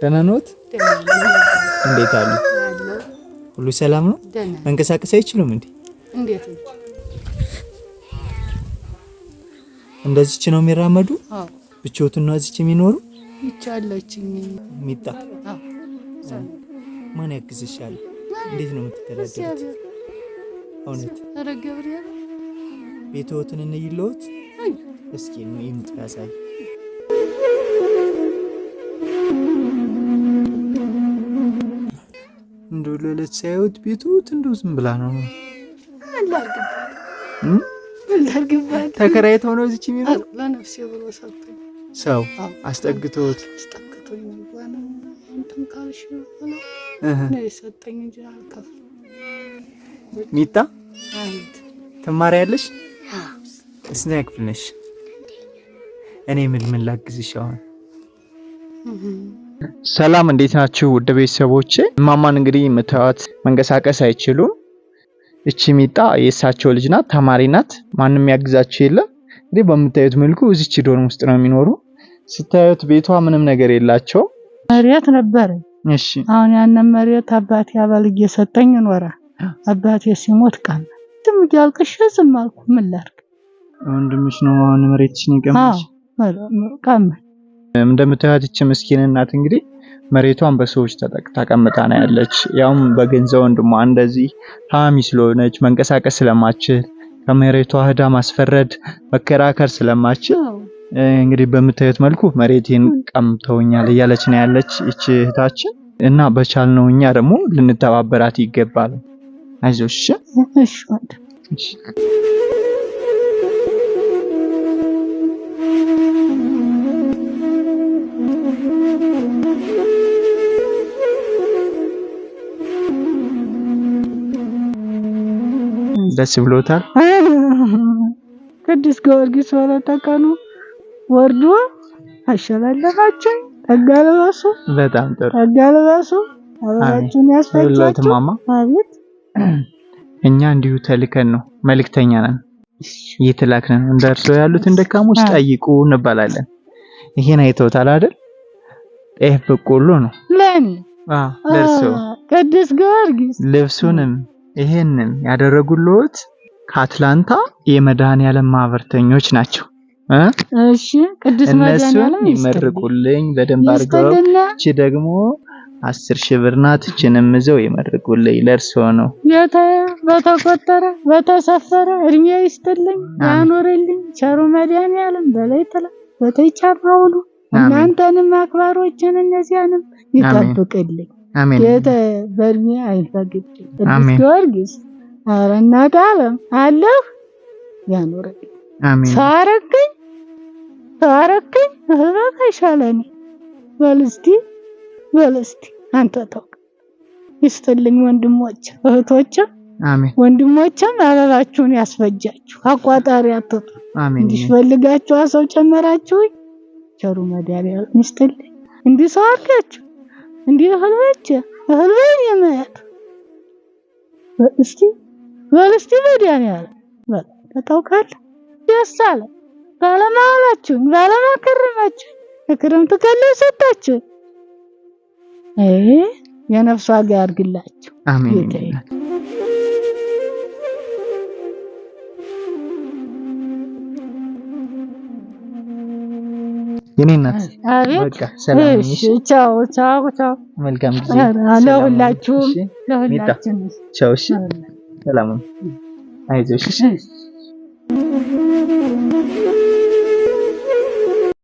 ደህና ነዎት? እንዴት አሉ? ሁሉ ሰላም ነው? መንቀሳቀስ አይችሉም እንዴ? እንዴት እንደዚች ነው የሚራመዱ? ብቻዎትን ነው እዚች የሚኖሩ? ይቻለችኝ ሚጣ ማን ያግዝሻል? እንዴት ነው የምትተዳደሩት? እውነት ቤትዎትን እንይለዎት እስኪ ይምጡ ያሳይ እንዶ ለለት ሳይወት ቤትዎት እንዶ ዝም ብላ ነው ተከራይተው ነው እዚች የሚመጡ ሰው አስጠግቶት ሚጣ ትማሪያለሽ? ስንተኛ ክፍል ነሽ? እኔ ምን ምን ላግዝሽ? አሁን ሰላም፣ እንዴት ናችሁ ውድ ቤተሰቦቼ? እማማን እንግዲህ የምታዩት መንቀሳቀስ አይችሉም። እቺ ሚጣ የእሳቸው ልጅ ናት፣ ተማሪ ናት። ማንም ያግዛችሁ የለም። እንግዲህ በምታዩት መልኩ እዚች ዶርም ውስጥ ነው የሚኖሩ። ስታዩት ቤቷ ምንም ነገር የላቸው። መሬት ነበረ። እሺ፣ አሁን ያንን መሬት አባቴ አበል እየሰጠኝ ይኖራል። አባቴ ሲሞት ቃል ዝም እያልቅሽ ዝም አልኩ። ምን ላድርግ ወንድምሽ ነው አሁን መሬትሽን የቀማሽ? እንደምታዩት ይህች ምስኪን እናት እንግዲህ መሬቷን በሰዎች ተቀምጣ ነው ያለች። ያውም በገንዘ ወንድሟ እንደዚህ ታሚ ስለሆነች መንቀሳቀስ ስለማችል ከመሬቷ ህዳ ማስፈረድ መከራከር ስለማችል እንግዲህ በምታዩት መልኩ መሬቴን ቀምተውኛል እያለች ነው ያለች ይህች እህታችን እና በቻልነው እኛ ደግሞ ልንተባበራት ይገባል። አይዞሽ። እሺ። ደስ ብሎታል። ቅዱስ ጊዮርጊስ ወለተ ቀኑ ወርዶ አሸላለፋችን። ጸጋ በጣም ጥሩ ጸጋ ልበሱ። አበባችሁን ማማ። አቤት እኛ እንዲሁ ተልከን ነው፣ መልክተኛ ነን፣ እየተላክን ነው። እንደ እርስዎ ያሉትን ደካሞች ጠይቁ እንባላለን። ይሄን አይተውታል አይደል? ጤፍ በቆሎ ነው ለኔ። አዎ ለእርስዎ ቅዱስ ጊዮርጊስ ልብሱንም ይሄንን ያደረጉልዎት ከአትላንታ የመድኃኔዓለም ማህበርተኞች ናቸው። እሺ ቅዱስ እነሱን ይመርቁልኝ በደንብ አድርገው። እቺ ደግሞ አስር ሺህ ብር ናት። እችንም ይዘው ይመርቁልኝ። ለእርስዎ ነው። በተቆጠረ በተሰፈረ እድሜ ይስጥልኝ ያኖርልኝ ቸሩ መድኃኔዓለም በላይ ጥላ በተይ ጫማ ውሉ እናንተንም አክባሮችን እነዚያንም ይጠብቅልኝ። አሜን። የተ በእድሜ አይፈቅድ ቅዱስ ጊዮርጊስ አረና እናት ዓለም አለሁ ያኑረኝ። አሜን። ሳረከኝ ሳረከኝ እህት አይሻለኝ በል እስቲ አንተ ታውቅ ይስጥልኝ ወንድሞች እህቶች አሜን። ወንድሞችም አበባችሁን ያስፈጃችሁ አቋጣሪ አትጡ። አሜን። እንዲፈልጋችሁ ሰው ጨመራችሁ። ቸሩ መዳሪያ ይስጥልኝ እንዲህ እንዴ እህል በልቼ እህል በይኝ የምሄድ እስቲ በል እስቲ መድኃኒዓለም በል ታውቃለህ ደስ አለ ባለማዋላችሁኝ ባለማከረማችሁኝ የክረምት ከላይ ሰጣችሁኝ። አይ የነፍስ ዋጋ አድርግላችሁ አሜን። የኔ እናት በቃ ሰላም ነሽ? ቻው ቻው ቻው። መልካም ጊዜ ለሁላችሁም፣ ለሁላችሁም ቻው። እሺ፣ ሰላም አይዞሽ።